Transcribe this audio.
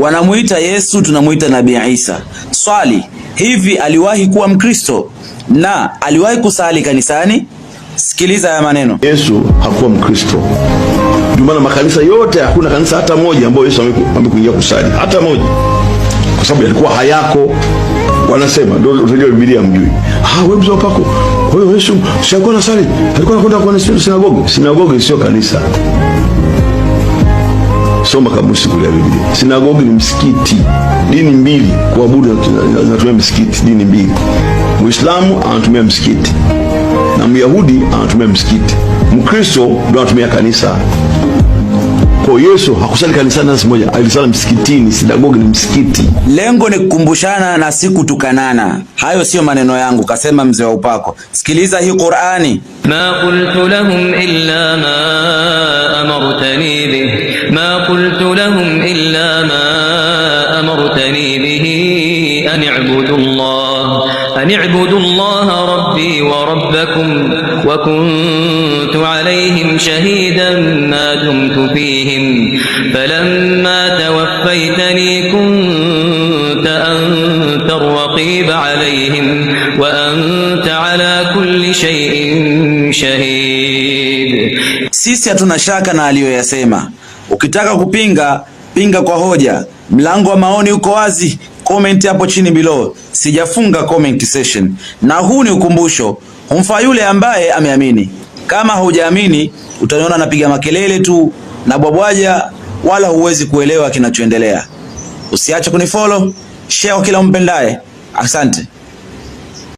Wanamuita Yesu, tunamuita Nabii Isa. Swali, hivi aliwahi kuwa Mkristo na aliwahi kusali kanisani? Sikiliza haya maneno. Yesu hakuwa Mkristo, ndio maana makanisa yote, hakuna kanisa hata moja ambayo Yesu amekuingia kusali, hata moja, kwa sababu yalikuwa hayako. Wanasema ndio unajua Biblia mjui. Ah, wewe Kwa hiyo Yesu si alikuwa anasali, alikuwa anakwenda kwa sinagogi. Sinagogi sio kanisa kusoma kamusi kulia Biblia. Sinagogi ni msikiti, dini mbili kuabudu zinatumia msikiti, dini mbili. Muislamu anatumia msikiti na Myahudi anatumia msikiti, Mkristo ndio anatumia kanisa. Kwa Yesu hakusali kanisani hata siku moja, alisali msikitini. Sinagogi ni msikiti. Lengo ni kukumbushana na si kutukanana. Hayo siyo maneno yangu, kasema mzee wa upako. Sikiliza hii Qur'ani, ma qultu lahum illa ma لهم إلا ما أمرتني به أن اعبدوا الله أن اعبدوا الله ربي وربكم وكنت عليهم شهيدا ما دمت فيهم فلما توفيتني كنت أنت الرقيب عليهم وأنت على كل شيء شهيد Sisi hatuna shaka na aliyoyasema. Ukitaka kupinga, pinga kwa hoja. Mlango wa maoni uko wazi, comment hapo chini below. Sijafunga comment session, na huu ni ukumbusho, humfaa yule ambaye ameamini. Kama hujaamini, utaniona napiga makelele tu na bwabwaja, wala huwezi kuelewa kinachoendelea. Usiache kunifollow, share kwa kila umpendaye. Asante.